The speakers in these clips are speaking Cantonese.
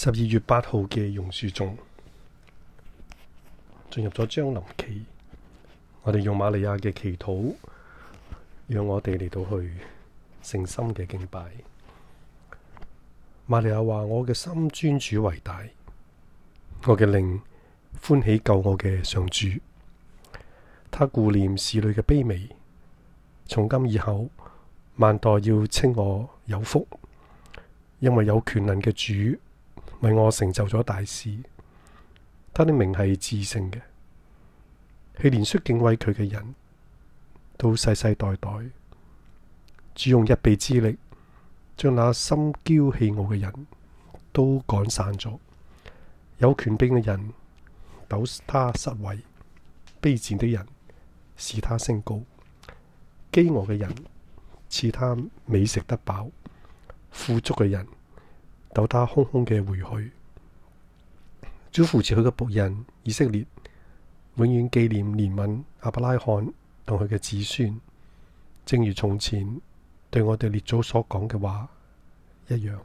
十二月八號嘅榕樹中進入咗將臨期，我哋用瑪利亞嘅祈禱，讓我哋嚟到去誠心嘅敬拜。瑪利亞話：我嘅心尊主為大，我嘅靈歡喜救我嘅上主。他顧念侍女嘅卑微，從今以後萬代要稱我有福，因為有權能嘅主。為我成就咗大事，他的名係至聖嘅，佢憐恤敬畏佢嘅人都世世代代，只用一臂之力，將那心驕氣傲嘅人都趕散咗，有權柄嘅人斗他失位，卑賤的人使他升高，飢餓嘅人賜他美食得飽，富足嘅人。就他空空嘅回去，主扶持佢嘅僕人以色列，永遠紀念憐憫阿伯拉罕同佢嘅子孫，正如從前對我哋列祖所講嘅話一樣。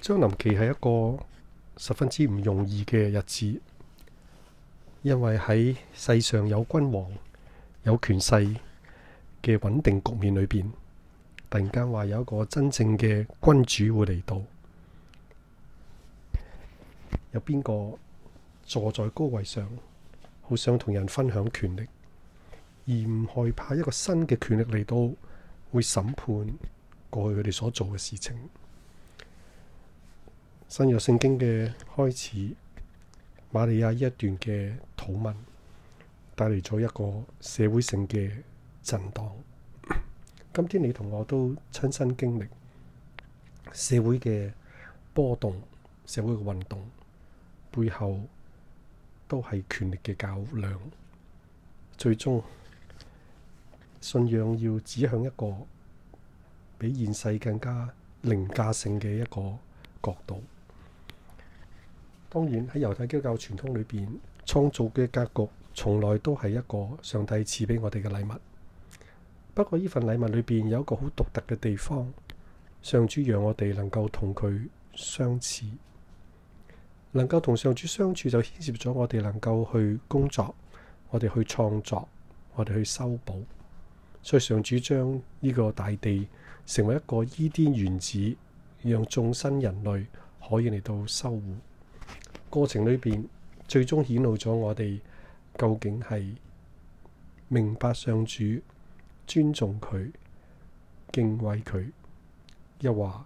張林奇係一個十分之唔容易嘅日子，因為喺世上有君王、有權勢嘅穩定局面裏邊。突然間話有一個真正嘅君主會嚟到。有邊個坐在高位上，好想同人分享權力，而唔害怕一個新嘅權力嚟到會審判過去佢哋所做嘅事情。新約聖經嘅開始，瑪利亞呢一段嘅討論，帶嚟咗一個社會性嘅震盪。今天你同我都親身經歷，社會嘅波動，社會嘅運動，背後都係權力嘅較量，最終信仰要指向一個比現世更加凌駕性嘅一個角度。當然喺猶太基督教傳統裏邊，創造嘅格局從來都係一個上帝賜俾我哋嘅禮物。不過呢份禮物裏邊有一個好獨特嘅地方，上主讓我哋能夠同佢相似，能夠同上主相處，就牽涉咗我哋能夠去工作，我哋去創作，我哋去修補。所以上主將呢個大地成為一個伊甸園子，讓眾生人類可以嚟到修護。過程裏邊最終顯露咗我哋究竟係明白上主，尊重佢，敬畏佢，又話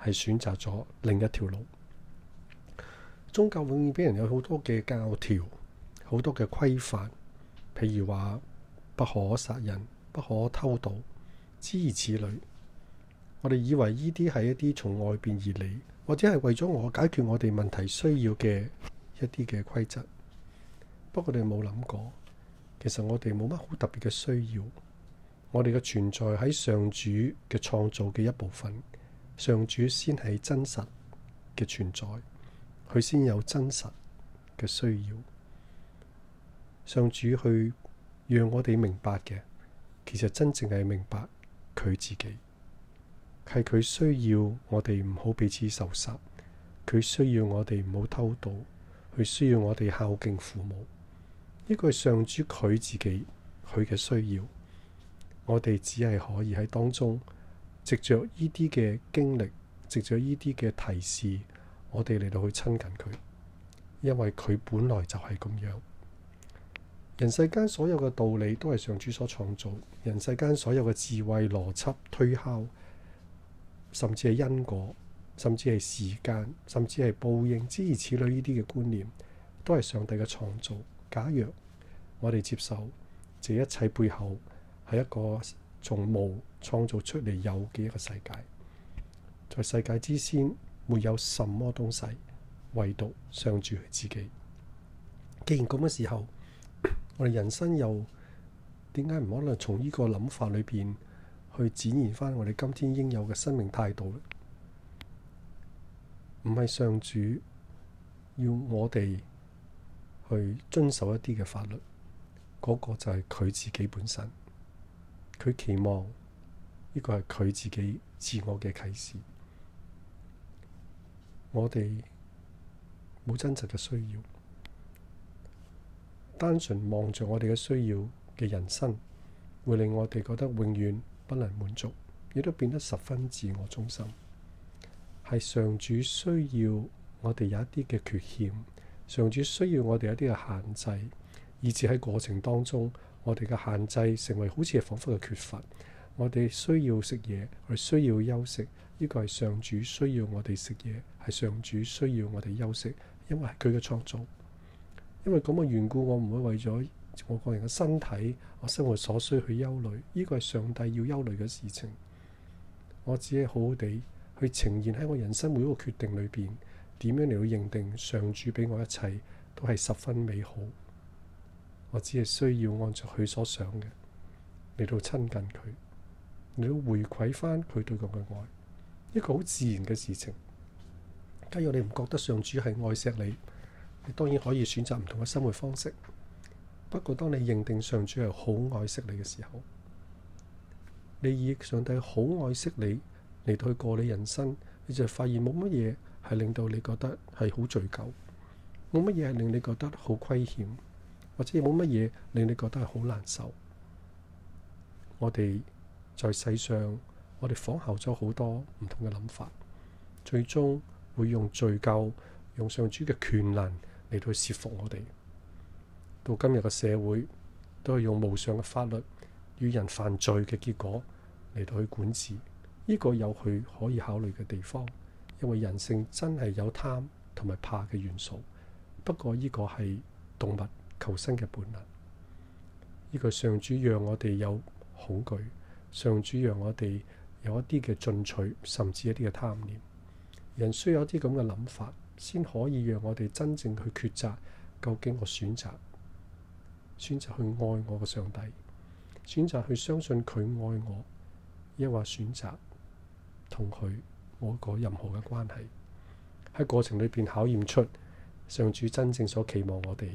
係選擇咗另一條路。宗教永遠俾人有好多嘅教條，好多嘅規範，譬如話不可殺人，不可偷盜，諸如此類。我哋以為呢啲係一啲從外邊而嚟，或者係為咗我解決我哋問題需要嘅一啲嘅規則。不過，你冇諗過，其實我哋冇乜好特別嘅需要。我哋嘅存在喺上主嘅創造嘅一部分，上主先係真實嘅存在，佢先有真實嘅需要。上主去讓我哋明白嘅，其實真正係明白佢自己係佢需要我哋唔好彼此仇殺，佢需要我哋唔好偷盜，佢需要我哋孝敬父母。呢個係上主佢自己佢嘅需要。我哋只係可以喺當中，藉着呢啲嘅經歷，藉着呢啲嘅提示，我哋嚟到去親近佢，因為佢本來就係咁樣。人世間所有嘅道理都係上主所創造，人世間所有嘅智慧、邏輯、推敲，甚至係因果，甚至係時間，甚至係報應，諸如此類呢啲嘅觀念，都係上帝嘅創造。假若我哋接受，這一切背後，係一個從無創造出嚟有嘅一個世界，在、就是、世界之先，沒有什麼東西，唯獨上主佢自己。既然咁嘅時候，我哋人生又點解唔可能從呢個諗法裏邊去展現翻我哋今天應有嘅生命態度呢？唔係上主要我哋去遵守一啲嘅法律，嗰、那個就係佢自己本身。佢期望呢個係佢自己自我嘅啟示。我哋冇真實嘅需要，單純望著我哋嘅需要嘅人生，會令我哋覺得永遠不能滿足，亦都變得十分自我中心。係上主需要我哋有一啲嘅缺陷，上主需要我哋有一啲嘅限制，以至喺過程當中。我哋嘅限制成為好似係彷彿嘅缺乏。我哋需要食嘢，我哋需要休息。呢個係上主需要我哋食嘢，係上主需要我哋休息，因為係佢嘅創造。因為咁嘅緣故，我唔會為咗我個人嘅身體、我生活所需去憂慮。呢個係上帝要憂慮嘅事情。我只係好好地去呈現喺我人生每一個決定裏邊，點樣嚟到認定上主俾我一切都係十分美好。我只係需要按照佢所想嘅嚟到親近佢，嚟到回饋翻佢對我嘅愛，一個好自然嘅事情。假如你唔覺得上主係愛錫你，你當然可以選擇唔同嘅生活方式。不過，當你認定上主係好愛惜你嘅時候，你以上帝好愛惜你嚟到去過你人生，你就發現冇乜嘢係令到你覺得係好罪疚，冇乜嘢係令你覺得好虧欠。或者有冇乜嘢令你覺得係好難受？我哋在世上，我哋仿效咗好多唔同嘅諗法，最終會用罪咎用上主嘅權能嚟到去說服我哋。到今日嘅社會都係用無上嘅法律與人犯罪嘅結果嚟到去管治，呢個有佢可以考慮嘅地方，因為人性真係有貪同埋怕嘅元素。不過呢個係動物。求生嘅本能，呢個上主讓我哋有恐懼，上主讓我哋有一啲嘅進取，甚至一啲嘅貪念。人需要有一啲咁嘅諗法，先可以讓我哋真正去抉擇，究竟我選擇選擇去愛我嘅上帝，選擇去相信佢愛我，亦或選擇同佢冇個任何嘅關係，喺過程裏邊考驗出上主真正所期望我哋，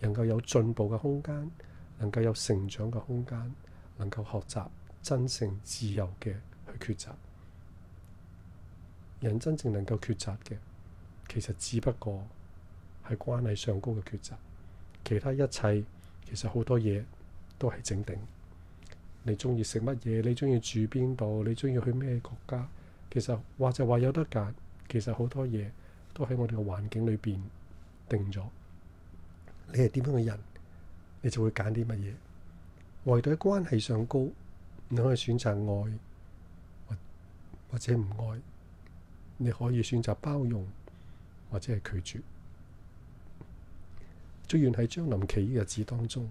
能夠有進步嘅空間，能夠有成長嘅空間，能夠學習真誠自由嘅去抉擇。人真正能夠抉擇嘅，其實只不過係關係上高嘅抉擇。其他一切其實好多嘢都係整定。你中意食乜嘢？你中意住邊度？你中意去咩國家？其實或者話有得揀，其實好多嘢都喺我哋嘅環境裏邊定咗。你係點樣嘅人，你就會揀啲乜嘢？唯獨喺關係上高，你可以選擇愛或，或者唔愛，你可以選擇包容或者係拒絕。祝願喺將臨期嘅日子當中，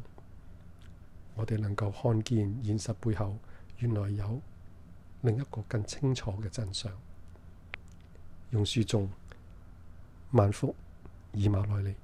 我哋能夠看見現實背後原來有另一個更清楚嘅真相。用樹中萬福以馬內利。